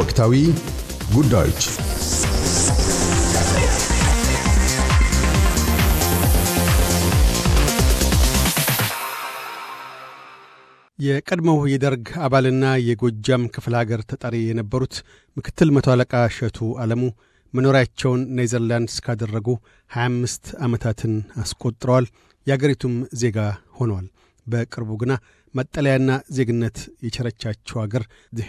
ወቅታዊ ጉዳዮች የቀድሞው የደርግ አባልና የጎጃም ክፍለ አገር ተጠሪ የነበሩት ምክትል መቶ አለቃ እሸቱ ዓለሙ መኖሪያቸውን ኔዘርላንድስ ካደረጉ 25 ዓመታትን አስቆጥረዋል። የአገሪቱም ዜጋ ሆነዋል። በቅርቡ ግና መጠለያና ዜግነት የቸረቻቸው አገር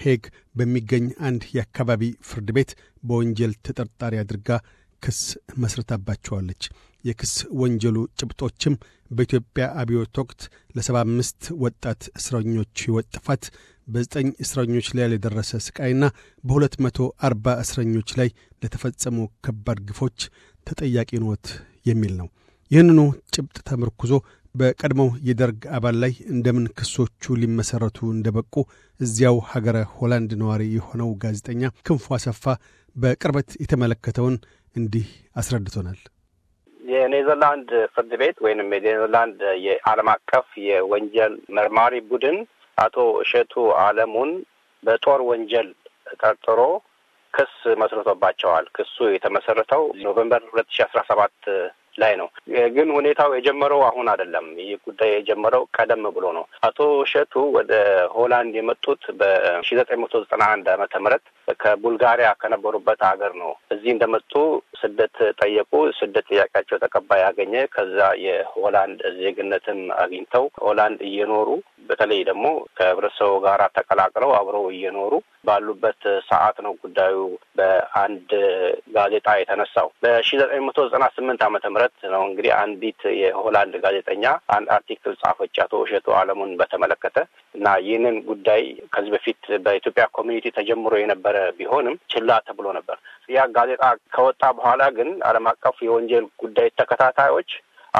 ሄግ በሚገኝ አንድ የአካባቢ ፍርድ ቤት በወንጀል ተጠርጣሪ አድርጋ ክስ መስርታባቸዋለች። የክስ ወንጀሉ ጭብጦችም በኢትዮጵያ አብዮት ወቅት ለሰባ አምስት ወጣት እስረኞች ሕይወት ጥፋት፣ በዘጠኝ እስረኞች ላይ ለደረሰ ሥቃይና መቶ አርባ እስረኞች ላይ ለተፈጸሙ ከባድ ግፎች ተጠያቂ ኖት የሚል ነው። ይህንኑ ጭብጥ ተመርኩዞ በቀድሞው የደርግ አባል ላይ እንደምን ክሶቹ ሊመሰረቱ እንደበቁ እዚያው ሀገረ ሆላንድ ነዋሪ የሆነው ጋዜጠኛ ክንፉ አሰፋ በቅርበት የተመለከተውን እንዲህ አስረድቶናል። የኔዘርላንድ ፍርድ ቤት ወይንም የኔዘርላንድ የዓለም አቀፍ የወንጀል መርማሪ ቡድን አቶ እሸቱ አለሙን በጦር ወንጀል ጠርጥሮ ክስ መስርቶባቸዋል። ክሱ የተመሰረተው ኖቨምበር ሁለት ሺ አስራ ሰባት ላይ ነው። ግን ሁኔታው የጀመረው አሁን አይደለም። ይህ ጉዳይ የጀመረው ቀደም ብሎ ነው። አቶ እሸቱ ወደ ሆላንድ የመጡት በሺ ዘጠኝ መቶ ዘጠና አንድ ዓመተ ምህረት ከቡልጋሪያ ከነበሩበት ሀገር ነው። እዚህ እንደመጡ ስደት ጠየቁ። ስደት ጥያቄያቸው ተቀባይ ያገኘ። ከዛ የሆላንድ ዜግነትም አግኝተው ሆላንድ እየኖሩ በተለይ ደግሞ ከህብረተሰቡ ጋር ተቀላቅለው አብረው እየኖሩ ባሉበት ሰዓት ነው ጉዳዩ በአንድ ጋዜጣ የተነሳው። በሺ ዘጠኝ መቶ ዘጠና ስምንት ዓመተ ምህረት ነው እንግዲህ አንዲት የሆላንድ ጋዜጠኛ አንድ አርቲክል ጻፈች አቶ እሸቱ አለሙን በተመለከተ እና ይህንን ጉዳይ ከዚህ በፊት በኢትዮጵያ ኮሚኒቲ ተጀምሮ የነበረ ቢሆንም ችላ ተብሎ ነበር። ያ ጋዜጣ ከወጣ በኋላ ግን ዓለም አቀፍ የወንጀል ጉዳይ ተከታታዮች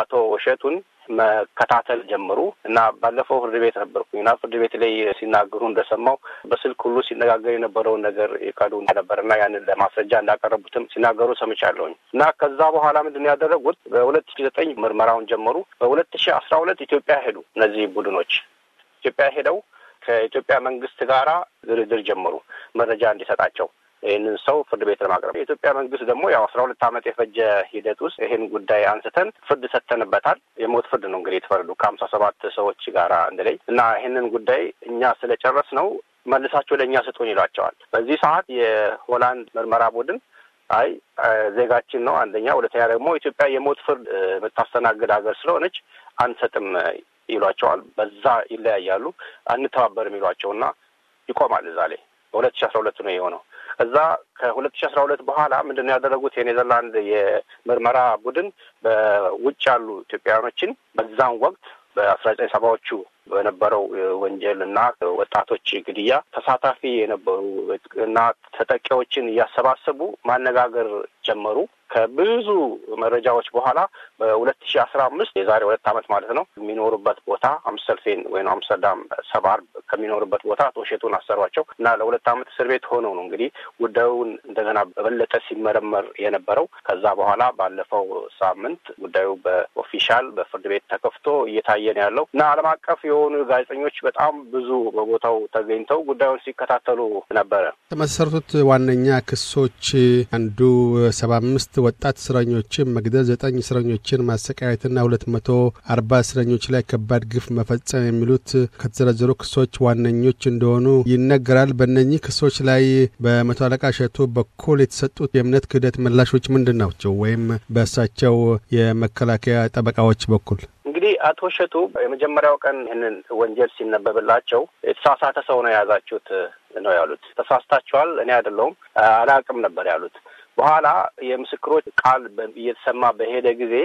አቶ እሸቱን መከታተል ጀምሩ እና ባለፈው ፍርድ ቤት ነበርኩኝ እና ፍርድ ቤት ላይ ሲናገሩ እንደሰማው በስልክ ሁሉ ሲነጋገር የነበረውን ነገር የካዱ እንደነበር እና ያንን ለማስረጃ እንዳቀረቡትም ሲናገሩ ሰምቻለሁኝ እና ከዛ በኋላ ምንድን ያደረጉት በሁለት ሺ ዘጠኝ ምርመራውን ጀመሩ። በሁለት ሺ አስራ ሁለት ኢትዮጵያ ሄዱ። እነዚህ ቡድኖች ኢትዮጵያ ሄደው ከኢትዮጵያ መንግስት ጋራ ድርድር ጀመሩ መረጃ እንዲሰጣቸው ይህንን ሰው ፍርድ ቤት ለማቅረብ የኢትዮጵያ መንግስት ደግሞ ያው አስራ ሁለት ዓመት የፈጀ ሂደት ውስጥ ይህን ጉዳይ አንስተን ፍርድ ሰጥተንበታል። የሞት ፍርድ ነው እንግዲህ የተፈረዱ ከሀምሳ ሰባት ሰዎች ጋራ እንደለይ እና ይህንን ጉዳይ እኛ ስለጨረስ ነው መልሳቸው ለእኛ ስጡን ይሏቸዋል። በዚህ ሰዓት የሆላንድ ምርመራ ቡድን አይ ዜጋችን ነው አንደኛ፣ ሁለተኛ ደግሞ ኢትዮጵያ የሞት ፍርድ የምታስተናግድ ሀገር ስለሆነች አንሰጥም ይሏቸዋል። በዛ ይለያያሉ። አንተባበርም ይሏቸውና ይቆማል። እዛ ላይ በሁለት ሺ አስራ ሁለት ነው የሆነው። እዛ ከሁለት ሺ አስራ ሁለት በኋላ ምንድነው ያደረጉት የኔዘርላንድ የምርመራ ቡድን በውጭ ያሉ ኢትዮጵያውያኖችን በዛም ወቅት በአስራ ዘጠኝ ሰባዎቹ በነበረው ወንጀል እና ወጣቶች ግድያ ተሳታፊ የነበሩ እና ተጠቂዎችን እያሰባሰቡ ማነጋገር ጀመሩ። ከብዙ መረጃዎች በኋላ በሁለት ሺ አስራ አምስት የዛሬ ሁለት ዓመት ማለት ነው የሚኖሩበት ቦታ አምስተልፌን ወይም አምስተርዳም ሰባር ከሚኖሩበት ቦታ አቶ እሸቱን አሰሯቸው እና ለሁለት ዓመት እስር ቤት ሆነው ነው እንግዲህ ጉዳዩን እንደገና በበለጠ ሲመረመር የነበረው። ከዛ በኋላ ባለፈው ሳምንት ጉዳዩ በኦፊሻል በፍርድ ቤት ተከፍቶ እየታየ ነው ያለው እና ዓለም አቀፍ የሆኑ ጋዜጠኞች በጣም ብዙ በቦታው ተገኝተው ጉዳዩን ሲከታተሉ ነበረ። የተመሰረቱት ዋነኛ ክሶች አንዱ ሰባ አምስት ወጣት እስረኞችን መግደል፣ ዘጠኝ እስረኞችን ማሰቃየትና አርባ እስረኞች ላይ ከባድ ግፍ መፈጸም የሚሉት ከተዘረዘሩ ክሶች ዋነኞች እንደሆኑ ይነገራል። በእነኚህ ክሶች ላይ በመቶ አለቃ እሸቱ በኩል የተሰጡት የእምነት ክህደት ምላሾች ምንድን ናቸው? ወይም በእሳቸው የመከላከያ ጠበቃዎች በኩል እንግዲህ አቶ እሸቱ የመጀመሪያው ቀን ይህንን ወንጀል ሲነበብላቸው የተሳሳተ ሰው ነው የያዛችሁት ነው ያሉት። ተሳስታችኋል፣ እኔ አይደለሁም አላቅም ነበር ያሉት። በኋላ የምስክሮች ቃል እየተሰማ በሄደ ጊዜ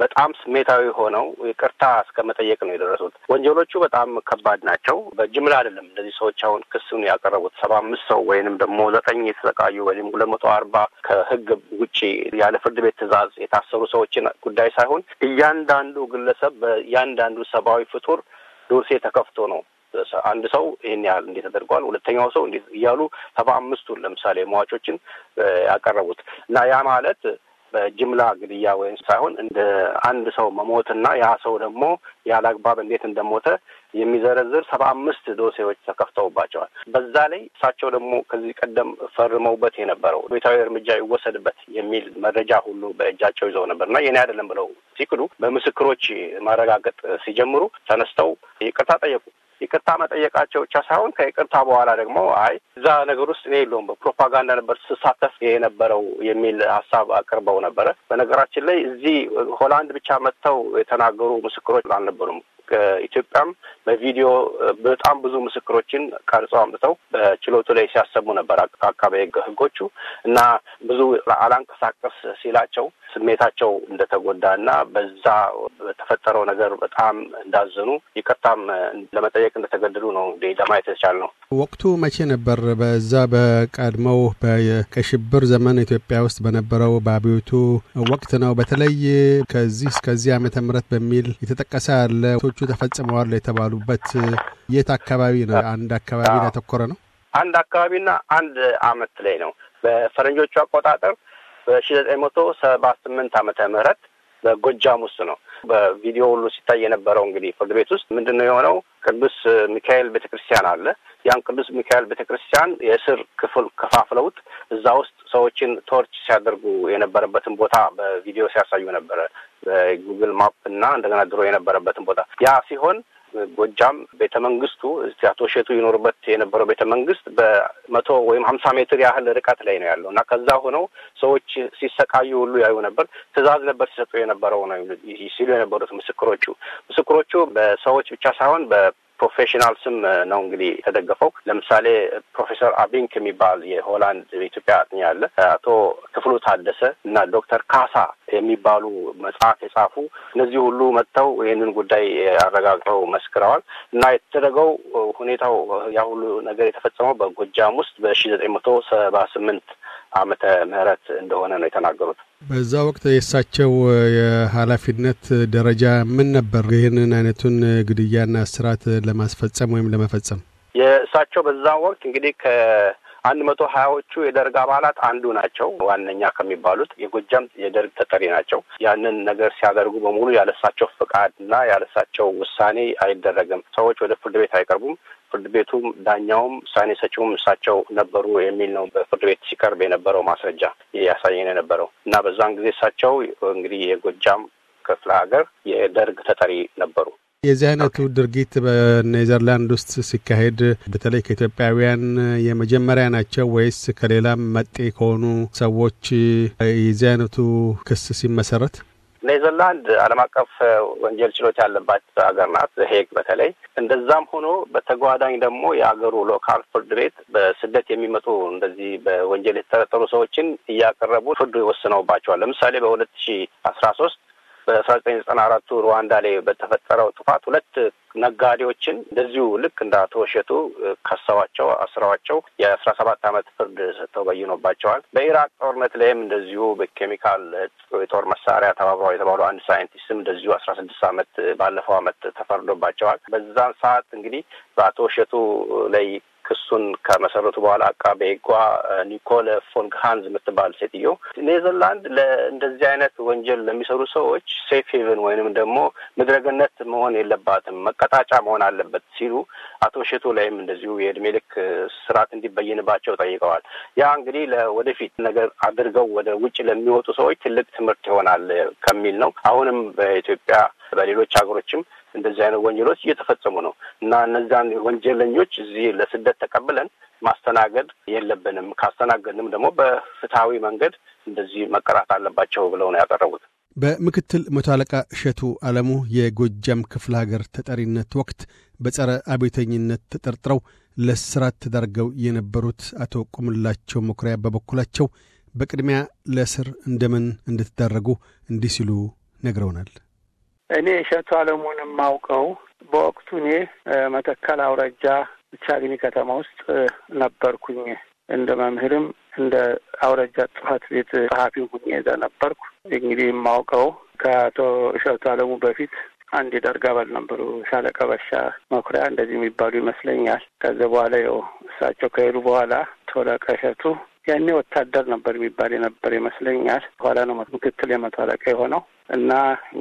በጣም ስሜታዊ ሆነው ይቅርታ እስከ መጠየቅ ነው የደረሱት። ወንጀሎቹ በጣም ከባድ ናቸው። በጅምላ አይደለም እንደዚህ ሰዎች አሁን ክስን ያቀረቡት ሰባ አምስት ሰው ወይንም ደግሞ ዘጠኝ የተሰቃዩ ወይም ሁለት መቶ አርባ ከህግ ውጭ ያለ ፍርድ ቤት ትዕዛዝ የታሰሩ ሰዎችን ጉዳይ ሳይሆን እያንዳንዱ ግለሰብ በእያንዳንዱ ሰብአዊ ፍጡር ዶሴ ተከፍቶ ነው አንድ ሰው ይህን ያህል እንዴት ተደርገዋል፣ ሁለተኛው ሰው እንዴት እያሉ ሰባ አምስቱን ለምሳሌ መዋጮችን ያቀረቡት እና ያ ማለት በጅምላ ግድያ ወይም ሳይሆን እንደ አንድ ሰው መሞትና ያ ሰው ደግሞ ያለ አግባብ እንዴት እንደሞተ የሚዘረዝር ሰባ አምስት ዶሴዎች ተከፍተውባቸዋል። በዛ ላይ እሳቸው ደግሞ ከዚህ ቀደም ፈርመውበት የነበረው ቤታዊ እርምጃ ይወሰድበት የሚል መረጃ ሁሉ በእጃቸው ይዘው ነበር እና የኔ አይደለም ብለው ሲክዱ በምስክሮች ማረጋገጥ ሲጀምሩ ተነስተው ይቅርታ ጠየቁ። ይቅርታ መጠየቃቸው ብቻ ሳይሆን ከይቅርታ በኋላ ደግሞ አይ እዛ ነገር ውስጥ እኔ የለውም በፕሮፓጋንዳ ነበር ስሳተፍ የነበረው የሚል ሀሳብ አቅርበው ነበረ። በነገራችን ላይ እዚህ ሆላንድ ብቻ መጥተው የተናገሩ ምስክሮች አልነበሩም። ኢትዮጵያም በቪዲዮ በጣም ብዙ ምስክሮችን ቀርጸው አምጥተው በችሎቱ ላይ ሲያሰሙ ነበር አካባቢ ህጎቹ እና ብዙ አላንቀሳቀስ ሲላቸው ስሜታቸው እንደተጎዳ እና በዛ በተፈጠረው ነገር በጣም እንዳዘኑ ይቅርታም ለመጠየቅ እንደተገደዱ ነው እንግዲህ ለማየት የተቻለ ነው። ወቅቱ መቼ ነበር? በዛ በቀድሞው ከሽብር ዘመን ኢትዮጵያ ውስጥ በነበረው በአብዮቱ ወቅት ነው። በተለይ ከዚህ እስከዚህ ዓመተ ምህረት በሚል የተጠቀሰ አለ ቶቹ ተፈጽመዋል የተባሉበት የት አካባቢ ነው? አንድ አካባቢ ላይ ተኮረ ነው? አንድ አካባቢና አንድ አመት ላይ ነው። በፈረንጆቹ አቆጣጠር በሺ ዘጠኝ መቶ ሰባ ስምንት ዓመተ ምህረት በጎጃም ውስጥ ነው በቪዲዮ ሁሉ ሲታይ የነበረው እንግዲህ ፍርድ ቤት ውስጥ ምንድን ነው የሆነው? ቅዱስ ሚካኤል ቤተክርስቲያን አለ። ያን ቅዱስ ሚካኤል ቤተክርስቲያን የእስር ክፍል ከፋፍለውት እዛ ውስጥ ሰዎችን ቶርች ሲያደርጉ የነበረበትን ቦታ በቪዲዮ ሲያሳዩ ነበረ በጉግል ማፕ እና እንደገና ድሮ የነበረበትን ቦታ ያ ሲሆን ጎጃም ቤተ መንግስቱ አቶ እሸቱ ይኖሩበት የነበረው ቤተ መንግስት በመቶ ወይም ሀምሳ ሜትር ያህል ርቀት ላይ ነው ያለው እና ከዛ ሆነው ሰዎች ሲሰቃዩ ሁሉ ያዩ ነበር። ትእዛዝ ነበር ሲሰጡ የነበረው ነው ሲሉ የነበሩት ምስክሮቹ ምስክሮቹ በሰዎች ብቻ ሳይሆን በ ፕሮፌሽናል ስም ነው እንግዲህ የተደገፈው። ለምሳሌ ፕሮፌሰር አቢንክ የሚባል የሆላንድ ኢትዮጵያ አጥኚ አለ። አቶ ክፍሉ ታደሰ እና ዶክተር ካሳ የሚባሉ መጽሐፍ የጻፉ እነዚህ ሁሉ መጥተው ይህንን ጉዳይ አረጋግጠው መስክረዋል እና የተደረገው ሁኔታው ያ ሁሉ ነገር የተፈጸመው በጎጃም ውስጥ በሺ ዘጠኝ መቶ ሰባ ስምንት አመተ ምህረት እንደሆነ ነው የተናገሩት። በዛ ወቅት የእሳቸው የኃላፊነት ደረጃ ምን ነበር? ይህንን አይነቱን ግድያና እስራት ለማስፈጸም ወይም ለመፈጸም የእሳቸው በዛ ወቅት እንግዲህ ከ አንድ መቶ ሀያዎቹ የደርግ አባላት አንዱ ናቸው። ዋነኛ ከሚባሉት የጎጃም የደርግ ተጠሪ ናቸው። ያንን ነገር ሲያደርጉ በሙሉ ያለሳቸው ፍቃድ እና ያለሳቸው ውሳኔ አይደረግም። ሰዎች ወደ ፍርድ ቤት አይቀርቡም። ፍርድ ቤቱም ዳኛውም ውሳኔ ሰጪውም እሳቸው ነበሩ የሚል ነው። በፍርድ ቤት ሲቀርብ የነበረው ማስረጃ ያሳየን የነበረው እና በዛን ጊዜ እሳቸው እንግዲህ የጎጃም ክፍለ ሀገር የደርግ ተጠሪ ነበሩ። የዚህ አይነቱ ድርጊት በኔዘርላንድ ውስጥ ሲካሄድ በተለይ ከኢትዮጵያውያን የመጀመሪያ ናቸው ወይስ ከሌላም መጤ ከሆኑ ሰዎች የዚህ አይነቱ ክስ ሲመሰረት? ኔዘርላንድ ዓለም አቀፍ ወንጀል ችሎት ያለባት ሀገር ናት፣ ሄግ በተለይ እንደዛም ሆኖ በተጓዳኝ ደግሞ የሀገሩ ሎካል ፍርድ ቤት በስደት የሚመጡ እንደዚህ በወንጀል የተጠረጠሩ ሰዎችን እያቀረቡ ፍርድ ወስነውባቸዋል። ለምሳሌ በሁለት ሺ አስራ ሶስት በአስራ ዘጠኝ ዘጠና አራቱ ሩዋንዳ ላይ በተፈጠረው ጥፋት ሁለት ነጋዴዎችን እንደዚሁ ልክ እንደ አቶ እሸቱ ከሰዋቸው፣ አስረዋቸው የአስራ ሰባት አመት ፍርድ ሰጥተው በይኖባቸዋል። በኢራቅ ጦርነት ላይም እንደዚሁ በኬሚካል የጦር መሳሪያ ተባብረው የተባሉ አንድ ሳይንቲስትም እንደዚሁ አስራ ስድስት አመት ባለፈው አመት ተፈርዶባቸዋል። በዛን ሰዓት እንግዲህ በአቶ እሸቱ ላይ ክሱን ከመሰረቱ በኋላ አቃቤ ሕጓ ኒኮለ ፎንግሃንዝ የምትባል ሴትዮ ኔዘርላንድ ለእንደዚህ አይነት ወንጀል ለሚሰሩ ሰዎች ሴፍ ሄቨን ወይንም ደግሞ ምድረግነት መሆን የለባትም መቀጣጫ መሆን አለበት ሲሉ አቶ ሸቶ ላይም እንደዚሁ የእድሜ ልክ ስርዓት እንዲበይንባቸው ጠይቀዋል። ያ እንግዲህ ለወደፊት ነገር አድርገው ወደ ውጭ ለሚወጡ ሰዎች ትልቅ ትምህርት ይሆናል ከሚል ነው። አሁንም በኢትዮጵያ በሌሎች ሀገሮችም እንደዚህ አይነት ወንጀሎች እየተፈጸሙ ነው እና እነዛን ወንጀለኞች እዚህ ለስደት ተቀብለን ማስተናገድ የለብንም። ካስተናገድንም ደግሞ በፍትሐዊ መንገድ እንደዚህ መቀራት አለባቸው ብለው ነው ያቀረቡት። በምክትል መቶ አለቃ እሸቱ አለሙ የጎጃም ክፍለ ሀገር ተጠሪነት ወቅት በጸረ አቤተኝነት ተጠርጥረው ለስራት ተዳርገው የነበሩት አቶ ቁምላቸው መኩሪያ በበኩላቸው በቅድሚያ ለእስር እንደምን እንደተዳረጉ እንዲህ ሲሉ ነግረውናል። እኔ እሸቱ አለሙን የማውቀው በወቅቱ እኔ መተከል አውራጃ ቻግኒ ከተማ ውስጥ ነበርኩኝ። እንደ መምህርም እንደ አውራጃ ጽሕፈት ቤት ጸሐፊ ሁኜ እዛ ነበርኩ። እንግዲህ የማውቀው ከአቶ እሸቱ አለሙ በፊት አንድ ደርጋ አባል ነበሩ፣ ሻለቃ በሻ መኩሪያ እንደዚህ የሚባሉ ይመስለኛል። ከዚ በኋላ ያው እሳቸው ከሄዱ በኋላ ተወለቀ እሸቱ ያኔ ወታደር ነበር የሚባል የነበር ይመስለኛል። በኋላ ነው ምክትል የመቶ አለቃ የሆነው። እና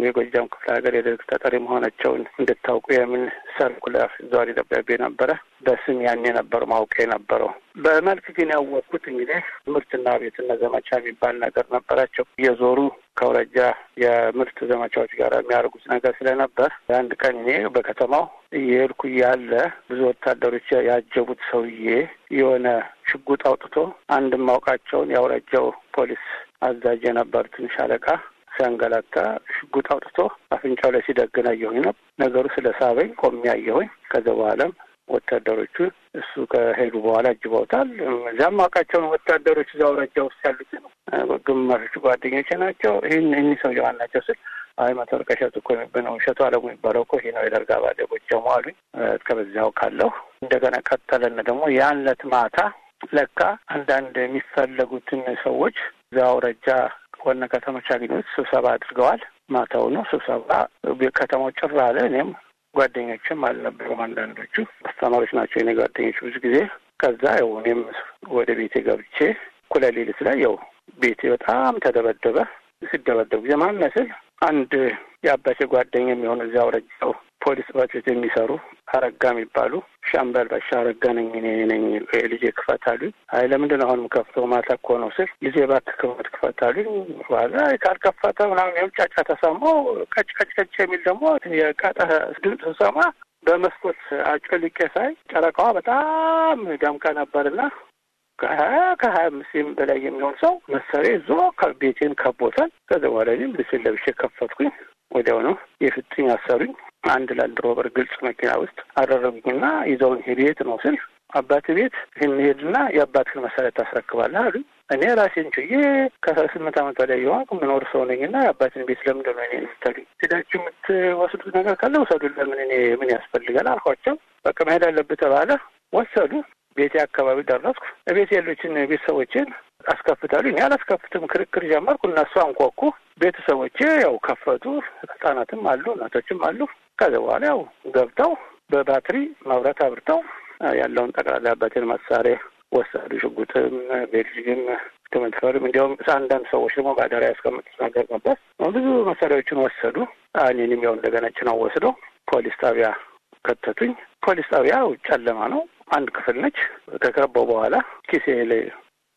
የጎጃም ክፍለ ሀገር የደርግ ተጠሪ መሆናቸውን እንድታውቁ የምን ሰርኩላር ዘዋሪ ደብዳቤ ነበረ። በስም ያኔ ነበር ማውቅ የነበረው። በመልክ ግን ያወቅኩት እንግዲህ ምርትና ቤትና ዘመቻ የሚባል ነገር ነበራቸው። እየዞሩ ከውረጃ የምርት ዘመቻዎች ጋር የሚያደርጉት ነገር ስለነበር አንድ ቀን እኔ በከተማው እየሄድኩ ያለ ብዙ ወታደሮች ያጀቡት ሰውዬ የሆነ ሽጉጥ አውጥቶ አንድ ማውቃቸውን ያውረጃው ፖሊስ አዛዥ የነበር ትንሽ አለቃ ሲያንገላታ ሽጉጥ አውጥቶ አፍንጫው ላይ ሲደግን አየሁኝ። ነው ነገሩ ስለ ሳበኝ ቆሜ አየሁኝ። ከዛ በኋላም ወታደሮቹ እሱ ከሄዱ በኋላ አጅበውታል። እዚያም አውቃቸውን ወታደሮች እዛ አውራጃ ውስጥ ያሉትን ግማሾቹ ጓደኞች ናቸው። ይህን ሰው ሰውዬው ናቸው ስል አይ መቶ ወርቅ እሸቱ እኮ ነው እሸቱ አለሙ የሚባለው እኮ ይሄ ነው የደርግ አባል የጎጃሙ አሉኝ። እስከ ካለሁ እንደገና ቀጠለን ደግሞ ያን ዕለት ማታ ለካ አንዳንድ የሚፈለጉትን ሰዎች እዛ አውራጃ ዋና ከተሞች አገኙት ስብሰባ አድርገዋል። ማታው ነው ስብሰባ ከተማው ጭር አለ። እኔም ጓደኞችም አልነበሩም። አንዳንዶቹ አስተማሪዎች ናቸው የኔ ጓደኞች ብዙ ጊዜ። ከዛ ያው እኔም ወደ ቤቴ ገብቼ እኩለ ሌሊት ላይ ያው ቤቴ በጣም ተደበደበ። ሲደበደቡ ጊዜ ማን መስል አንድ የአባቴ ጓደኛ የሚሆኑ እዚያ አውራጃው ፖሊስ ጽሕፈት ቤት የሚሰሩ አረጋ የሚባሉ ሻምበል በሻ አረጋ ነኝ እኔ ነኝ ልጄ ክፈት አሉኝ። አይ ለምንድን ነው አሁንም ከፍተው ማታ እኮ ነው ስል ልጄ እባክህ ክፈት ክፈት አሉኝ። በኋላ ካልከፈተ ምናምን የምጫጫ ጫጫ ተሰማው። ቀጭ የሚል ደግሞ የቀጠ ድምፅ ስሰማ በመስኮት አጮልቄ ሳይ ጨረቃዋ በጣም ደምቃ ነበርና ከሀያ ከሀያ አምስት በላይ የሚሆን ሰው መሳሪያ ዞ ቤቴን ከቦታል። ከዚ በኋላ እኔም ልብሴን ለብሼ ከፈትኩኝ። ወዲያው ነው የፍትኝ አሰሩኝ። አንድ ላንድ ሮቨር ግልጽ መኪና ውስጥ አደረጉኝና ይዘውን ሄድ የት ነው ስል አባት ቤት ይህን ሄድና የአባትህን መሳሪያ ታስረክባለህ አሉ። እኔ ራሴን ችዬ ከስምንት ዓመት በላይ የሆንኩ ምኖር ሰው ነኝ ነኝና የአባትን ቤት ለምንድን ነው እኔ የምትሉኝ? ሄዳችሁ የምትወስዱት ነገር ካለ ውሰዱ፣ ለምን እኔ ምን ያስፈልጋል አልኳቸው። በቃ መሄድ አለብህ ተባለ። ወሰዱ። ቤቴ አካባቢ ደረስኩ። ቤት ያሉችን ቤተሰቦችን አስከፍታሉ። እኔ አላስከፍትም። ክርክር ጀመርኩ። እነሱ አንኳኩ። ቤተሰቦቼ ያው ከፈቱ። ህጻናትም አሉ፣ እናቶችም አሉ። ከዚ በኋላ ያው ገብተው በባትሪ መብራት አብርተው ያለውን ጠቅላላ ያባትን መሳሪያ ወሰዱ። ሽጉጥም፣ ቤልጅግም፣ ትምህርትፈርም እንዲያውም አንዳንድ ሰዎች ደግሞ በአደራ ያስቀምጡት ነገር ነበር። ብዙ መሳሪያዎችን ወሰዱ። እኔንም ያው እንደገና ጭነው ወስደው ፖሊስ ጣቢያ ከተቱኝ። ፖሊስ ጣቢያ ጨለማ ነው። አንድ ክፍል ነች። ከከበው በኋላ ኪሴ ላይ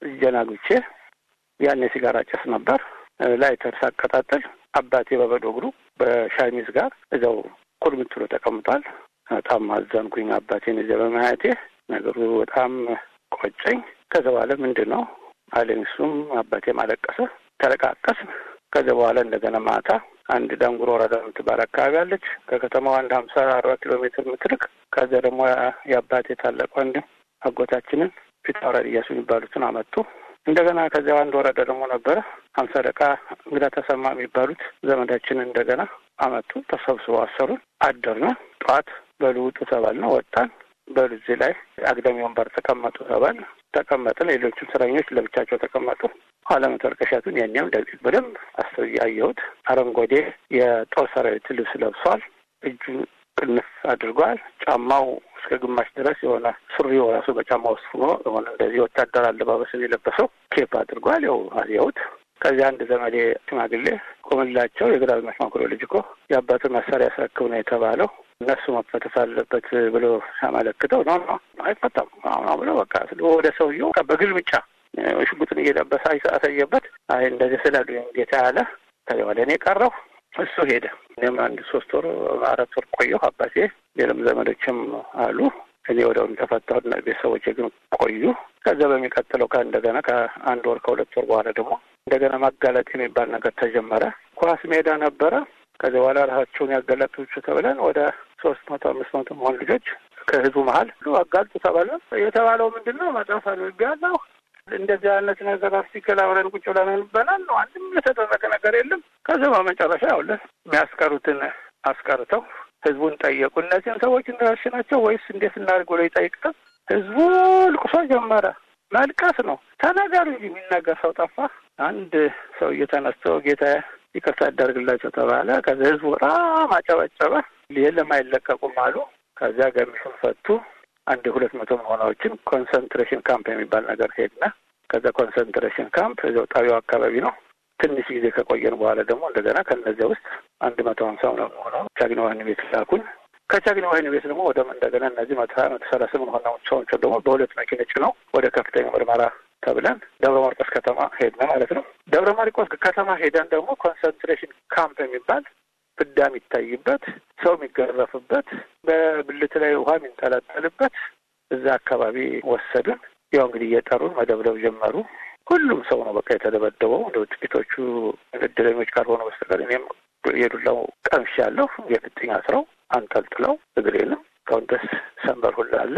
እጀናግቼ ያኔ ሲጋራ ጨስ ነበር ላይተር ሳቀጣጥል አባቴ በበዶ እግሩ በሻሚዝ ጋር እዛው ኩርምት ብሎ ተቀምጧል። በጣም አዘንኩኝ አባቴን እዚያ በማየቴ ነገሩ በጣም ቆጨኝ። ከዚ በኋላ ምንድን ነው አለኝ። እሱም አባቴም አለቀሰ፣ ተለቃቀስን። ከዚ በኋላ እንደገና ማታ አንድ ዳንጉሮ ወረዳ የምትባል አካባቢ አለች ከከተማው አንድ ሀምሳ አርባ ኪሎ ሜትር የምትርቅ ከዚያ ደግሞ የአባቴ ታላቅ ወንድም አጎታችንን ፊታውራሪ እያሱ የሚባሉትን አመጡ። እንደገና ከዚያው አንድ ወረደ ደግሞ ነበረ ሀምሳ ደቃ እንግዳ ተሰማ የሚባሉት ዘመዳችን እንደገና አመጡ። ተሰብስበው አሰሩን። አደርነ ጠዋት በልውጡ ተባልነ ወጣን። በልዚህ ላይ አግዳሚ ወንበር ተቀመጡ ተባል ተቀመጥን። ሌሎቹም እስረኞች ለብቻቸው ተቀመጡ። ኋላም ተልቀሻቱን ያኔም በደንብ አስተውዬ አየሁት። አረንጓዴ የጦር ሰራዊት ልብስ ለብሷል። እጁ ቅንስ አድርጓል። ጫማው እስከ ግማሽ ድረስ የሆነ ሱሪው ራሱ በጫማ ውስጥ ሆኖ የሆነ እንደዚህ ወታደር አለባበስን የለበሰው ኬፕ አድርጓል። ያው አየሁት። ከዚህ አንድ ዘመዴ ሽማግሌ ቆምላቸው የግራዊ ማሽማኮሎጅ እኮ የአባቱ መሳሪያ ያስረክብ ነው የተባለው እነሱ መፈተስ አለበት ብሎ ሲያመለክተው ኖ ኖ አይፈታም ነው ብሎ በቃ ወደ ሰውየው በግልምጫ ሽጉጥን እየደበሰ አሳየበት። አይ እንደዚህ ስላሉ ጌታ ያለ ከዚ ወደ እኔ ቀረው እሱ ሄደ። እኔም አንድ ሶስት ወር አራት ወር ቆየሁ። አባቴ ሌላም ዘመዶችም አሉ። እኔ ወዲያውኑ ተፈታሁና ቤተሰቦች ግን ቆዩ። ከዚያ በሚቀጥለው ከእንደገና ከአንድ ወር ከሁለት ወር በኋላ ደግሞ እንደገና ማጋለጥ የሚባል ነገር ተጀመረ። ኳስ ሜዳ ነበረ። ከዚ በኋላ ራሳቸውን ያጋለጡች ተብለን ወደ ሶስት መቶ አምስት መቶ መሆን ልጆች ከህዝቡ መሀል አጋልጡ ተባለ። የተባለው ምንድን ነው መጽሐፍ አንብቤያለሁ እንደዚህ አይነት ነገር አርቲክል አብረን ቁጭ ብለን እንበላል ነው። አንድም የተደረገ ነገር የለም። ከዚ በመጨረሻ ያውለ የሚያስቀሩትን አስቀርተው ህዝቡን ጠየቁ። እነዚህም ሰዎች እንደራሽ ናቸው ወይስ እንዴት እናድርግ ብሎ ይጠይቃል። ህዝቡ ልቅሶ ጀመረ። መልቀስ ነው። ተናጋሪ እንጂ የሚነገር ሰው ጠፋ። አንድ ሰው እየተነስቶ ጌታ ይቅርታ ያደርግላቸው ተባለ። ከዚ ህዝቡ በጣም አጨበጨበ። የለም አይለቀቁም አሉ። ከዚያ ገሚሱን ፈቱ። አንድ ሁለት መቶ መሆናዎችን ኮንሰንትሬሽን ካምፕ የሚባል ነገር ሄድና ከዛ ኮንሰንትሬሽን ካምፕ እዚያው ጣቢያው አካባቢ ነው። ትንሽ ጊዜ ከቆየን በኋላ ደግሞ እንደገና ከነዚያ ውስጥ አንድ መቶ ሀምሳው ነው መሆነው ቻግኒ ዋህኒ ቤት ላኩኝ። ከቻግኒ ዋህኒ ቤት ደግሞ ወደ እንደገና እነዚህ መቶ ሀያ መቶ ሰላሳ ምን ሆና ሰዎችን ደግሞ በሁለት መኪና ጭነው ወደ ከፍተኛ ምርመራ ተብለን ደብረ ማርቆስ ከተማ ሄድን ማለት ነው። ደብረ ማርቆስ ከተማ ሄደን ደግሞ ኮንሰንትሬሽን ካምፕ የሚባል ፍዳ የሚታይበት ሰው የሚገረፍበት በብልት ላይ ውሃ የሚንጠለጠልበት እዛ አካባቢ ወሰድን። ያው እንግዲህ እየጠሩን መደብደብ ጀመሩ። ሁሉም ሰው ነው በቃ የተደበደበው። እንደ ጥቂቶቹ እድለኞች ካልሆነ በስተቀር እኔም የዱላው ቀምሽ ቀምሻለሁ። የፍጥኝ አስረው አንጠልጥለው እግሬንም እስካሁን ድረስ ሰንበር ሁላ አለ።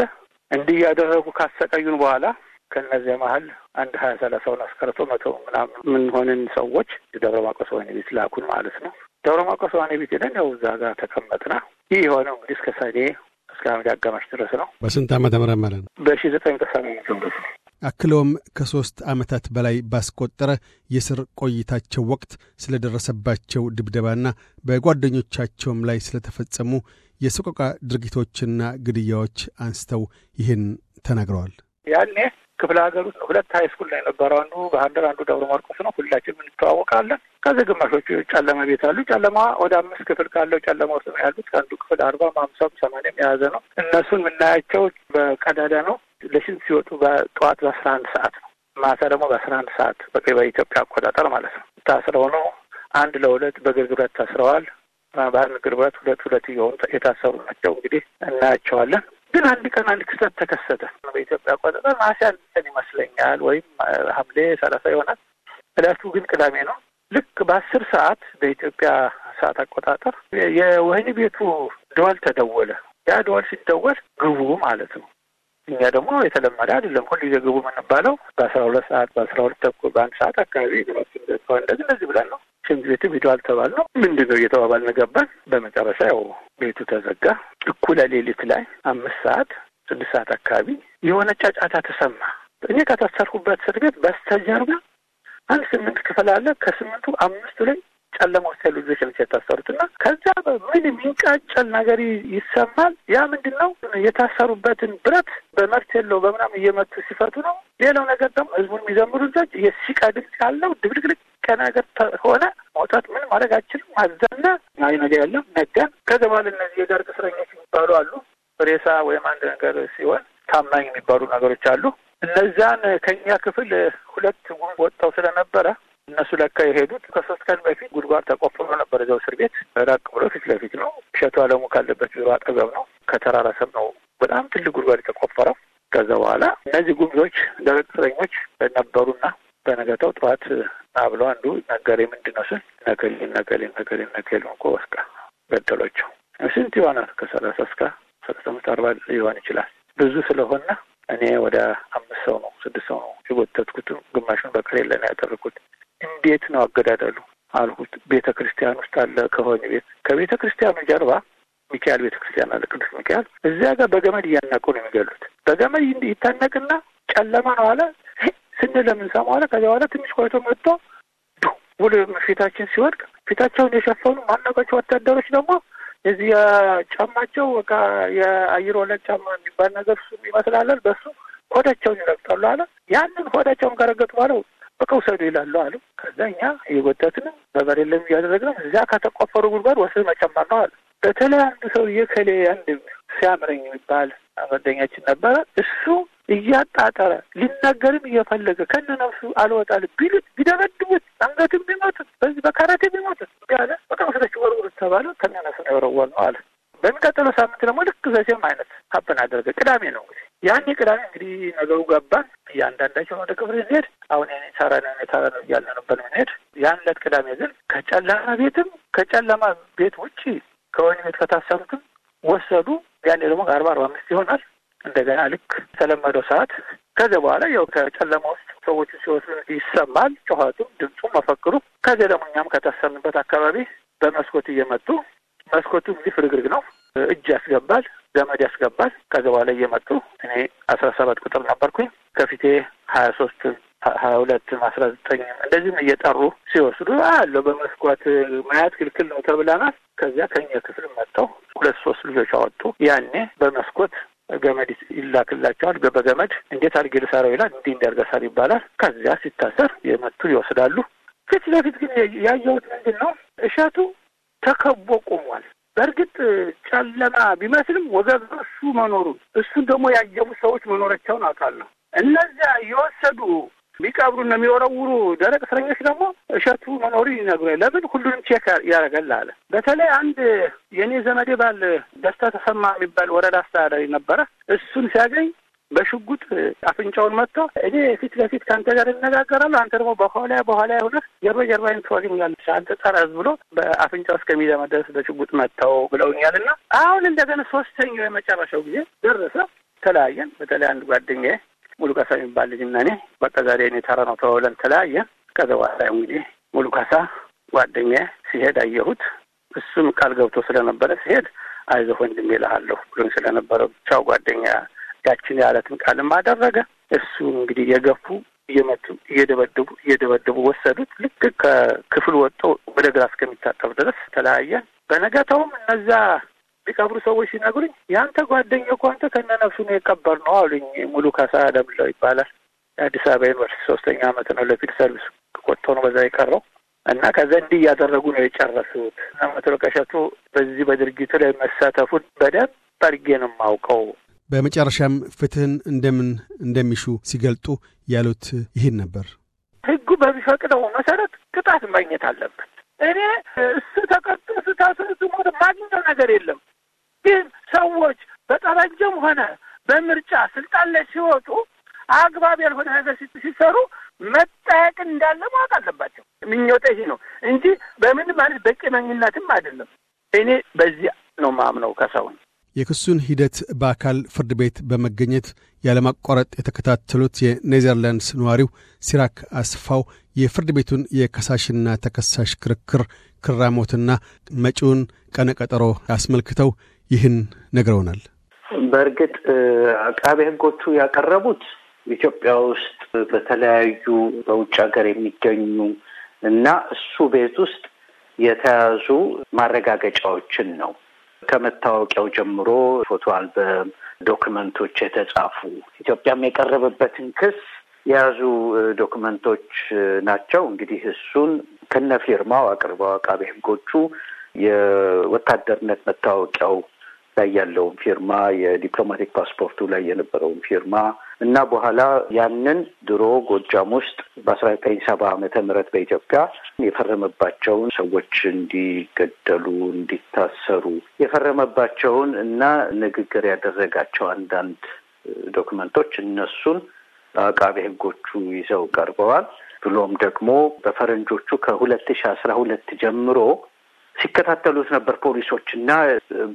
እንዲህ እያደረጉ ካሰቃዩን በኋላ ከእነዚያ መሀል አንድ ሀያ ሰላሳውን አስቀርቶ መቶ ምናምን የምንሆንን ሰዎች ደብረ ማቆስ ወህኒ ቤት ላኩን ማለት ነው። ደብረ ማርቆስ ቤት ሄደን ያው እዛ ጋር ተቀመጥና ይህ የሆነው እንግዲህ እስከ ሰኔ እስከ ሐምሌ አጋማሽ ድረስ ነው። በስንት ዓመተ ምህረት ማለት ነው? በሺ ዘጠኝ ጠሳሚ ድረስ ነው። አክለውም ከሶስት ዓመታት በላይ ባስቆጠረ የስር ቆይታቸው ወቅት ስለደረሰባቸው ድብደባና በጓደኞቻቸውም ላይ ስለተፈጸሙ የሰቆቃ ድርጊቶችና ግድያዎች አንስተው ይህን ተናግረዋል። ያኔ ክፍለ ሀገር ውስጥ ሁለት ሀይስኩል ላይ ነበረ። አንዱ ባህርዳር፣ አንዱ ደብረ ማርቆስ ነው። ሁላችንም እንተዋወቃለን። ከዚህ ግማሾቹ ጨለማ ቤት አሉ። ጨለማ ወደ አምስት ክፍል ካለው ጨለማ ውስጥ ነው ያሉት። ከአንዱ ክፍል አርባም ሀምሳም ሰማንያም የያዘ ነው። እነሱን የምናያቸው በቀዳዳ ነው። ለሽንት ሲወጡ በጠዋት በአስራ አንድ ሰዓት ነው። ማታ ደግሞ በአስራ አንድ ሰዓት በቀይ በኢትዮጵያ አቆጣጠር ማለት ነው። ታስረው ነው አንድ ለሁለት በእግር ግብረት ታስረዋል። በአንድ ግርባት ሁለት ሁለት እየሆኑ የታሰሩ ናቸው። እንግዲህ እናያቸዋለን። ግን አንድ ቀን አንድ ክስተት ተከሰተ። በኢትዮጵያ አቆጣጠር ነሐሴ አንድ ቀን ይመስለኛል ወይም ሐምሌ ሰላሳ ይሆናል። እለቱ ግን ቅዳሜ ነው። ልክ በአስር ሰዓት በኢትዮጵያ ሰዓት አቆጣጠር የወህኒ ቤቱ ደወል ተደወለ። ያ ደወል ሲደወል ግቡ ማለት ነው። እኛ ደግሞ የተለመደ አይደለም ሁል ግቡ የምንባለው በአስራ ሁለት ሰዓት በአስራ ሁለት ተኩል በአንድ ሰዓት አካባቢ ግባችን እንደዚህ ብለን ነው ሐኪም ቤትም ሂዶ አልተባል ምንድን ነው እየተባባልን ገባን። በመጨረሻ ያው ቤቱ ተዘጋ። እኩለ ሌሊት ላይ አምስት ሰዓት ስድስት ሰዓት አካባቢ የሆነ ጫጫታ ተሰማ። እኔ ከታሰርኩበት እስር ቤት በስተጀርባ አንድ ስምንት ክፍል አለ። ከስምንቱ አምስቱ ላይ ጨለማ ውስጥ ያሉ ልጆች ነች የታሰሩት እና ከዛ ምን የሚንቃጨል ነገር ይሰማል። ያ ምንድን ነው የታሰሩበትን ብረት በመርት የለው በምናም እየመቱ ሲፈቱ ነው። ሌላው ነገር ደግሞ ህዝቡን የሚዘምሩ ልጆች የሲቃ ድምፅ ያለው ድብልቅልቅ የጨከነ ነገር ከሆነ መውጣት ምን ማድረግ አችልም። አዘነ አይ ነገር ያለም ነገን ከዚ በኋላ እነዚህ የደርግ እስረኞች የሚባሉ አሉ። ሬሳ ወይም አንድ ነገር ሲሆን ታማኝ የሚባሉ ነገሮች አሉ። እነዛን ከኛ ክፍል ሁለት ጉንብ ወጥተው ስለነበረ እነሱ ለካ የሄዱት ከሶስት ቀን በፊት ጉድጓድ ተቆፍሮ ነበር። እዛው እስር ቤት ራቅ ብሎ ፊት ለፊት ነው። እሸቱ አለሙ ካለበት ቢሮ አጠገብ ነው። ከተራራ ስር ነው በጣም ትልቅ ጉድጓድ የተቆፈረው። ከዛ በኋላ እነዚህ ጉምዞች ደረቅ እስረኞች ነበሩና በነገታው ጠዋት አብሎ አንዱ ነጋዴ ምንድን ነው ስል ነከሌ ነከሌ ነከሌ ነከሌ እኮ በቃ ገደሏቸው። ስንት ይሆናል? ከሰላሳ እስከ ሰላሳ አምስት አርባ ሊሆን ይችላል። ብዙ ስለሆነ እኔ ወደ አምስት ሰው ነው ስድስት ሰው ነው የጎተትኩት። ግማሹን በከሌለ ነው ያደረኩት። እንዴት ነው አገዳደሉ አልኩት። ቤተ ክርስቲያን ውስጥ አለ ከሆነ ቤት ከቤተ ክርስቲያኑ ጀርባ ሚካኤል ቤተ ክርስቲያን አለ፣ ቅዱስ ሚካኤል። እዚያ ጋር በገመድ እያናቁ ነው የሚገሉት። በገመድ ይታነቅና ጨለማ ነው አለ። ስንል የምንሰማው ከዚያ በኋላ ትንሽ ቆይቶ መጥቶ ውል ፊታችን ሲወድቅ ፊታቸውን የሸፈኑ ማናውቃቸው ወታደሮች ደግሞ እዚህ የጫማቸው በቃ የአየር ወለድ ጫማ የሚባል ነገር እሱ ይመስላለን በሱ ሆዳቸውን ይረግጣሉ አለ። ያንን ሆዳቸውን ከረገጡ በኋላ በቃ ውሰዱ ይላሉ አሉ። ከዛ እኛ እየጎተትን በመሬት ለም እያደረግን እዚያ ከተቆፈሩ ጉድጓድ ወስድ መጨመር ነው አለ። በተለይ አንድ ሰውዬ ከሌ አንድ ሲያምረኝ የሚባል ጓደኛችን ነበረ። እሱ እያጣጠረ ሊናገርም እየፈለገ ከነ ነፍሱ አልወጣል ቢሉት ቢደበድቡት፣ አንገትም ቢሞቱት፣ በዚህ በካራቴ ቢሞቱት ያለ በጣም ስለች ወርውር ተባለ። ከነ ነፍሱ ነው የወረወር ነው አለ። በሚቀጥለው ሳምንት ደግሞ ልክ ዘሴም አይነት ሀብን አደረገ። ቅዳሜ ነው እንግዲህ ያኔ ቅዳሜ እንግዲህ ነገሩ ገባን። እያንዳንዳቸው ወደ ክፍል ሄድ አሁን ኔ ሳራ ነው ሳራ ነው እያለ ነበር ሄድ ያን ዕለት ቅዳሜ ግን ከጨለማ ቤትም ከጨለማ ቤት ውጭ ከወህኒ ቤት ከታሰሩትም ወሰዱ። ያኔ ደግሞ አርባ አርባ አምስት ይሆናል እንደገና ልክ ተለመደው ሰዓት ከዚያ በኋላ ያው ከጨለማ ውስጥ ሰዎቹ ሲወስዱ ይሰማል፣ ጩኸቱም፣ ድምፁ፣ መፈክሩ። ከዚያ ደግሞ እኛም ከታሰርንበት አካባቢ በመስኮት እየመጡ መስኮቱ እንግዲህ ፍርግርግ ነው። እጅ ያስገባል፣ ዘመድ ያስገባል። ከዚያ በኋላ እየመጡ እኔ አስራ ሰባት ቁጥር ነበርኩኝ ከፊቴ ሀያ ሶስት ሀያ ሁለትም አስራ ዘጠኝም እንደዚህም እየጠሩ ሲወስዱ አለው በመስኳት ማየት ክልክል ነው ተብለናል። ከዚያ ከኛ ክፍል መጥተው ሁለት ሶስት ልጆች አወጡ። ያኔ በመስኮት ገመድ ይላክላቸዋል። በገመድ እንዴት አድርጌ ልሰረው ይላል። እንዲህ እንዲያርገሳል ይባላል። ከዚያ ሲታሰር የመቱ ይወስዳሉ። ፊት ለፊት ግን ያየሁት ምንድን ነው እሸቱ ተከቦ ቆሟል። በእርግጥ ጨለማ ቢመስልም ወገብ እሱ መኖሩን እሱን ደግሞ ያየቡ ሰዎች መኖራቸውን አውቃለሁ። እነዚያ የወሰዱ ቢቀብሩና የሚወረውሩ ደረቅ እስረኞች ደግሞ እሸቱ መኖሩ ይነግሩ። ለምን ሁሉንም ቼክ ያደርጋል አለ። በተለይ አንድ የእኔ ዘመዴ ባል ደስታ ተሰማ የሚባል ወረዳ አስተዳዳሪ ነበረ። እሱን ሲያገኝ በሽጉጥ አፍንጫውን መጥቶ እኔ ፊት ለፊት ከአንተ ጋር እነጋገራለሁ፣ አንተ ደግሞ በኋላ በኋላ ሆነ ጀርባ ጀርባይን ትወግኛለች፣ አንተ ጠረዝ ብሎ በአፍንጫው እስከሚዘማ እስከሚደመደረስ በሽጉጥ መጥተው ብለውኛል። ብለውኛልና አሁን እንደገና ሶስተኛው የመጨረሻው ጊዜ ደረሰ። ተለያየን። በተለይ አንድ ጓደኛዬ ሙሉ ካሳ የሚባል ልጅና እኔ በቃ ዛሬ እኔ ተራ ነው ተባብለን ተለያየ። ከዛ በኋላ እንግዲህ ሙሉ ካሳ ጓደኛ ሲሄድ አየሁት። እሱም ቃል ገብቶ ስለነበረ ሲሄድ አይዞህ ወንድሜ እልሃለሁ ብሎኝ ስለነበረ ብቻው ጓደኛ ያችን ያለትን ቃልም አደረገ። እሱ እንግዲህ የገፉ እየመቱ እየደበደቡ እየደበደቡ ወሰዱት። ልክ ከክፍል ወጥቶ ወደ ግራ እስከሚታጠብ ድረስ ተለያየ። በነጋታውም እነዛ ቢቀብሩ ሰዎች ሲነግሩኝ የአንተ ጓደኛ እኮ አንተ ነፍሱ ነው የቀበር ነው አሉኝ። ሙሉ ካሳ አደምለው ይባላል። የአዲስ አበባ ዩኒቨርሲቲ ሶስተኛ አመት ነው ለፊት ሰርቪስ ቆጥቶ ነው በዛ የቀረው እና ከዛ እንዲህ እያደረጉ ነው የጨረሱት። እና ቀሸቱ በዚህ በድርጊቱ ላይ መሳተፉን በደንብ አድርጌ ነው የማውቀው። በመጨረሻም ፍትህን እንደምን እንደሚሹ ሲገልጡ ያሉት ይህን ነበር። ህጉ በሚፈቅደው መሰረት ቅጣት ማግኘት አለበት። እኔ እሱ ተቀጡ ስታስር ስሞት ማግኘው ነገር የለም ግን ሰዎች በጠመንጃም ሆነ በምርጫ ስልጣን ላይ ሲወጡ አግባብ ያልሆነ ነገር ሲሰሩ መጠየቅ እንዳለ ማወቅ አለባቸው። ምኞቴ ይሄ ነው እንጂ በምን ማለት መኝነትም አይደለም። እኔ በዚህ ነው ማምነው ከሰውን የክሱን ሂደት በአካል ፍርድ ቤት በመገኘት ያለማቋረጥ የተከታተሉት የኔዘርላንድስ ነዋሪው ሲራክ አስፋው የፍርድ ቤቱን የከሳሽና ተከሳሽ ክርክር ክራሞትና መጪውን ቀነቀጠሮ አስመልክተው ይህን ነግረውናል። በእርግጥ አቃቤ ሕጎቹ ያቀረቡት ኢትዮጵያ ውስጥ በተለያዩ በውጭ ሀገር የሚገኙ እና እሱ ቤት ውስጥ የተያዙ ማረጋገጫዎችን ነው። ከመታወቂያው ጀምሮ ፎቶ አልበም፣ ዶክመንቶች የተጻፉ ኢትዮጵያም የቀረበበትን ክስ የያዙ ዶክመንቶች ናቸው። እንግዲህ እሱን ከነ ፊርማው አቅርበው አቃቤ ሕጎቹ የወታደርነት መታወቂያው ላይ ያለውን ፊርማ የዲፕሎማቲክ ፓስፖርቱ ላይ የነበረውን ፊርማ እና በኋላ ያንን ድሮ ጎጃም ውስጥ በአስራ ዘጠኝ ሰባ ዓመተ ምህረት በኢትዮጵያ የፈረመባቸውን ሰዎች እንዲገደሉ፣ እንዲታሰሩ የፈረመባቸውን እና ንግግር ያደረጋቸው አንዳንድ ዶክመንቶች እነሱን አቃቤ ሕጎቹ ይዘው ቀርበዋል። ብሎም ደግሞ በፈረንጆቹ ከሁለት ሺ አስራ ሁለት ጀምሮ ሲከታተሉት ነበር ፖሊሶች እና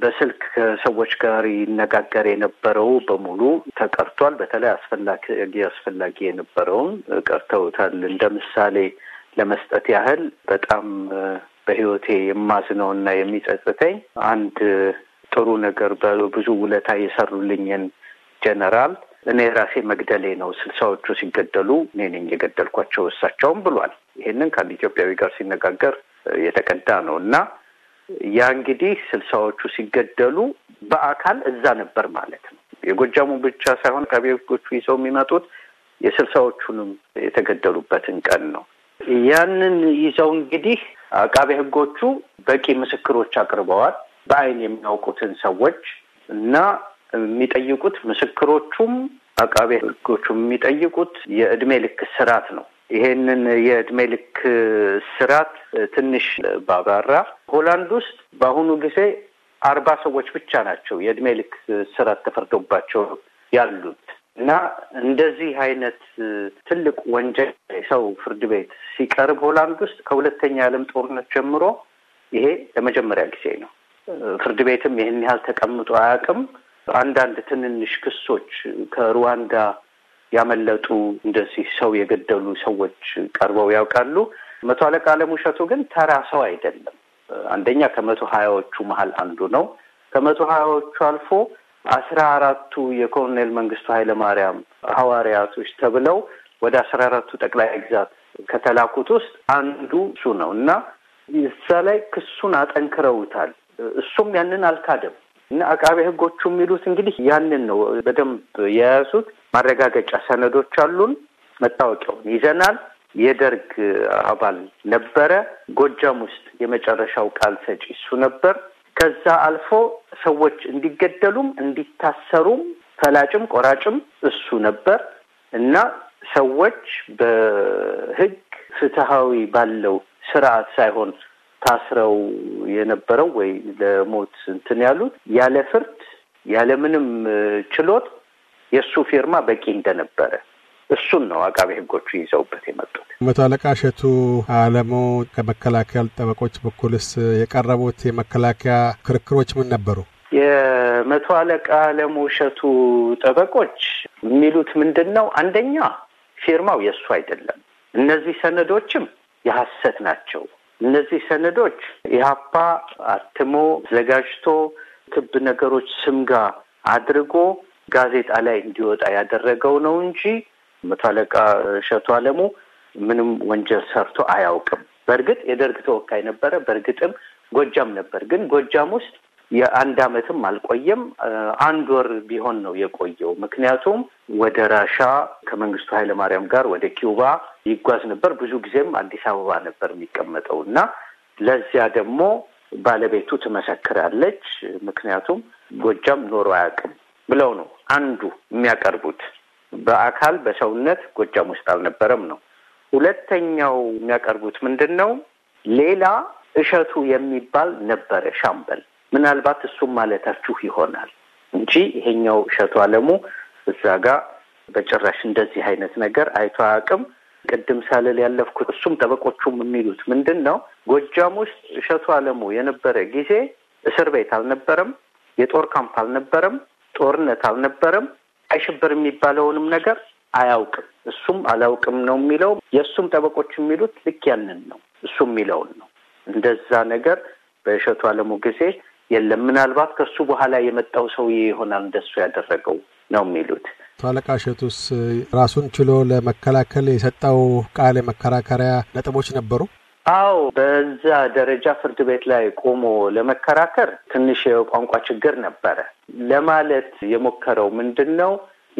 በስልክ ከሰዎች ጋር ይነጋገር የነበረው በሙሉ ተቀርቷል። በተለይ አስፈላጊ አስፈላጊ የነበረውን ቀርተውታል። እንደ ምሳሌ ለመስጠት ያህል በጣም በህይወቴ የማዝነው እና የሚጸጽተኝ አንድ ጥሩ ነገር በብዙ ውለታ የሰሩልኝን ጀነራል እኔ ራሴ መግደሌ ነው። ስልሳዎቹ ሲገደሉ እኔ ነኝ የገደልኳቸው እሳቸውም ብሏል። ይሄንን ከአንድ ኢትዮጵያዊ ጋር ሲነጋገር የተቀዳ ነው እና ያ እንግዲህ ስልሳዎቹ ሲገደሉ በአካል እዛ ነበር ማለት ነው። የጎጃሙ ብቻ ሳይሆን ከቤቶቹ ይዘው የሚመጡት የስልሳዎቹንም የተገደሉበትን ቀን ነው። ያንን ይዘው እንግዲህ አቃቤ ሕጎቹ በቂ ምስክሮች አቅርበዋል። በአይን የሚያውቁትን ሰዎች እና የሚጠይቁት ምስክሮቹም አቃቤ ህጎቹ የሚጠይቁት የእድሜ ልክ ስርዓት ነው። ይሄንን የእድሜ ልክ ስራት ትንሽ ባብራራ፣ ሆላንድ ውስጥ በአሁኑ ጊዜ አርባ ሰዎች ብቻ ናቸው የእድሜ ልክ ስራት ተፈርዶባቸው ያሉት እና እንደዚህ አይነት ትልቅ ወንጀል ሰው ፍርድ ቤት ሲቀርብ ሆላንድ ውስጥ ከሁለተኛ ዓለም ጦርነት ጀምሮ ይሄ ለመጀመሪያ ጊዜ ነው። ፍርድ ቤትም ይህን ያህል ተቀምጦ አያውቅም። አንዳንድ ትንንሽ ክሶች ከሩዋንዳ ያመለጡ እንደዚህ ሰው የገደሉ ሰዎች ቀርበው ያውቃሉ። መቶ አለቃ አለም ውሸቱ ግን ተራ ሰው አይደለም። አንደኛ ከመቶ ሀያዎቹ መሀል አንዱ ነው። ከመቶ ሀያዎቹ አልፎ አስራ አራቱ የኮሎኔል መንግስቱ ኃይለማርያም ሐዋርያቶች ተብለው ወደ አስራ አራቱ ጠቅላይ ግዛት ከተላኩት ውስጥ አንዱ እሱ ነው እና እዛ ላይ ክሱን አጠንክረውታል። እሱም ያንን አልካደም። እና አቃቤ ህጎቹ የሚሉት እንግዲህ ያንን ነው በደንብ የያዙት። ማረጋገጫ ሰነዶች አሉን፣ መታወቂያውን ይዘናል። የደርግ አባል ነበረ። ጎጃም ውስጥ የመጨረሻው ቃል ሰጪ እሱ ነበር። ከዛ አልፎ ሰዎች እንዲገደሉም እንዲታሰሩም ፈላጭም ቆራጭም እሱ ነበር እና ሰዎች በህግ ፍትሃዊ ባለው ስርዓት ሳይሆን ታስረው የነበረው ወይ ለሞት እንትን ያሉት ያለ ፍርድ ያለምንም ችሎት የእሱ ፊርማ በቂ እንደነበረ እሱን ነው አቃቤ ህጎቹ ይዘውበት የመጡት። መቶ አለቃ እሸቱ አለሙ ከመከላከያ ጠበቆች በኩልስ የቀረቡት የመከላከያ ክርክሮች ምን ነበሩ? የመቶ አለቃ አለሙ እሸቱ ጠበቆች የሚሉት ምንድን ነው? አንደኛ ፊርማው የእሱ አይደለም፣ እነዚህ ሰነዶችም የሐሰት ናቸው እነዚህ ሰነዶች ኢህአፓ አትሞ ዘጋጅቶ ክብ ነገሮች ስምጋ አድርጎ ጋዜጣ ላይ እንዲወጣ ያደረገው ነው እንጂ መቶ አለቃ እሸቱ አለሙ ምንም ወንጀል ሰርቶ አያውቅም። በእርግጥ የደርግ ተወካይ ነበረ። በእርግጥም ጎጃም ነበር። ግን ጎጃም ውስጥ የአንድ ዓመትም አልቆየም። አንድ ወር ቢሆን ነው የቆየው። ምክንያቱም ወደ ራሻ ከመንግስቱ ኃይለማርያም ጋር ወደ ኪውባ ይጓዝ ነበር። ብዙ ጊዜም አዲስ አበባ ነበር የሚቀመጠው እና ለዚያ ደግሞ ባለቤቱ ትመሰክራለች። ምክንያቱም ጎጃም ኖሮ አያውቅም ብለው ነው አንዱ የሚያቀርቡት። በአካል በሰውነት ጎጃም ውስጥ አልነበረም ነው። ሁለተኛው የሚያቀርቡት ምንድን ነው? ሌላ እሸቱ የሚባል ነበረ ሻምበል። ምናልባት እሱም ማለታችሁ ይሆናል እንጂ ይሄኛው እሸቱ አለሙ እዛ ጋር በጭራሽ እንደዚህ አይነት ነገር አይቶ አያውቅም። ቅድም ሳልል ያለፍኩት እሱም ጠበቆቹም የሚሉት ምንድን ነው፣ ጎጃም ውስጥ እሸቱ አለሙ የነበረ ጊዜ እስር ቤት አልነበረም፣ የጦር ካምፕ አልነበረም፣ ጦርነት አልነበረም፣ አይሽብር የሚባለውንም ነገር አያውቅም። እሱም አላውቅም ነው የሚለው። የእሱም ጠበቆች የሚሉት ልክ ያንን ነው። እሱ የሚለውን ነው። እንደዛ ነገር በእሸቱ አለሙ ጊዜ የለም። ምናልባት ከሱ በኋላ የመጣው ሰውዬ ይሆናል እንደሱ ያደረገው ነው የሚሉት። አቶ አለቃ እሸቱስ ራሱን ችሎ ለመከላከል የሰጠው ቃል የመከራከሪያ ነጥቦች ነበሩ? አዎ በዛ ደረጃ ፍርድ ቤት ላይ ቆሞ ለመከራከር ትንሽ የቋንቋ ችግር ነበረ። ለማለት የሞከረው ምንድን ነው፣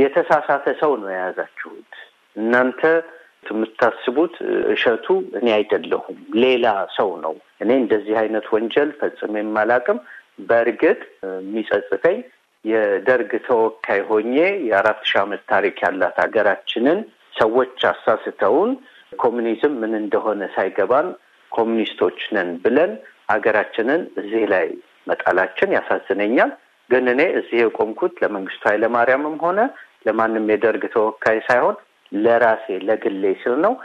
የተሳሳተ ሰው ነው የያዛችሁት እናንተ የምታስቡት እሸቱ እኔ አይደለሁም፣ ሌላ ሰው ነው። እኔ እንደዚህ አይነት ወንጀል ፈጽሜም አላውቅም። በእርግጥ የሚጸጽተኝ የደርግ ተወካይ ሆኜ የአራት ሺህ ዓመት ታሪክ ያላት ሀገራችንን ሰዎች አሳስተውን ኮሚኒዝም ምን እንደሆነ ሳይገባን ኮሚኒስቶች ነን ብለን ሀገራችንን እዚህ ላይ መጣላችን ያሳዝነኛል። ግን እኔ እዚህ የቆምኩት ለመንግስቱ ኃይለማርያምም ሆነ ለማንም የደርግ ተወካይ ሳይሆን ለራሴ ለግሌ ስል ነው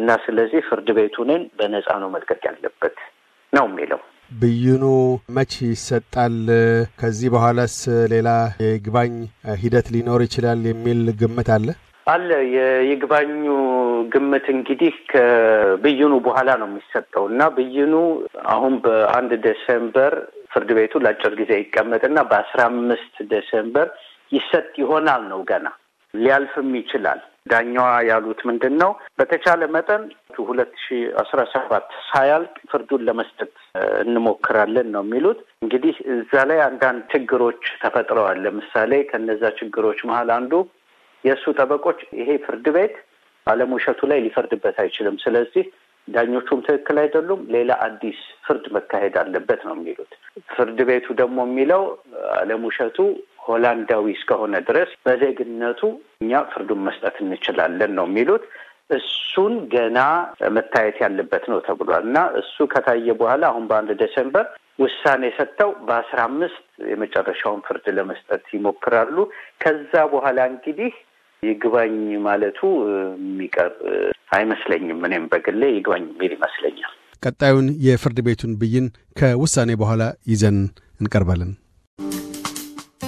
እና ስለዚህ ፍርድ ቤቱንን በነፃ ነው መልቀቅ ያለበት ነው የሚለው። ብይኑ መች ይሰጣል? ከዚህ በኋላስ ሌላ የይግባኝ ሂደት ሊኖር ይችላል የሚል ግምት አለ አለ። የይግባኙ ግምት እንግዲህ ከብይኑ በኋላ ነው የሚሰጠው እና ብይኑ አሁን በአንድ ዴሴምበር ፍርድ ቤቱ ለአጭር ጊዜ ይቀመጥና በአስራ አምስት ዴሴምበር ይሰጥ ይሆናል ነው ገና ሊያልፍም ይችላል። ዳኛዋ ያሉት ምንድን ነው? በተቻለ መጠን ሁለት ሺ አስራ ሰባት ሳያልቅ ፍርዱን ለመስጠት እንሞክራለን ነው የሚሉት። እንግዲህ እዛ ላይ አንዳንድ ችግሮች ተፈጥረዋል። ለምሳሌ ከነዛ ችግሮች መሀል አንዱ የእሱ ጠበቆች ይሄ ፍርድ ቤት አለም ውሸቱ ላይ ሊፈርድበት አይችልም፣ ስለዚህ ዳኞቹም ትክክል አይደሉም፣ ሌላ አዲስ ፍርድ መካሄድ አለበት ነው የሚሉት። ፍርድ ቤቱ ደግሞ የሚለው አለም ውሸቱ ሆላንዳዊ እስከሆነ ድረስ በዜግነቱ እኛ ፍርዱን መስጠት እንችላለን ነው የሚሉት። እሱን ገና መታየት ያለበት ነው ተብሏል እና እሱ ከታየ በኋላ አሁን በአንድ ዴሴምበር ውሳኔ ሰጥተው በአስራ አምስት የመጨረሻውን ፍርድ ለመስጠት ይሞክራሉ። ከዛ በኋላ እንግዲህ ይግባኝ ማለቱ የሚቀር አይመስለኝም። እኔም በግሌ ይግባኝ የሚል ይመስለኛል። ቀጣዩን የፍርድ ቤቱን ብይን ከውሳኔ በኋላ ይዘን እንቀርባለን።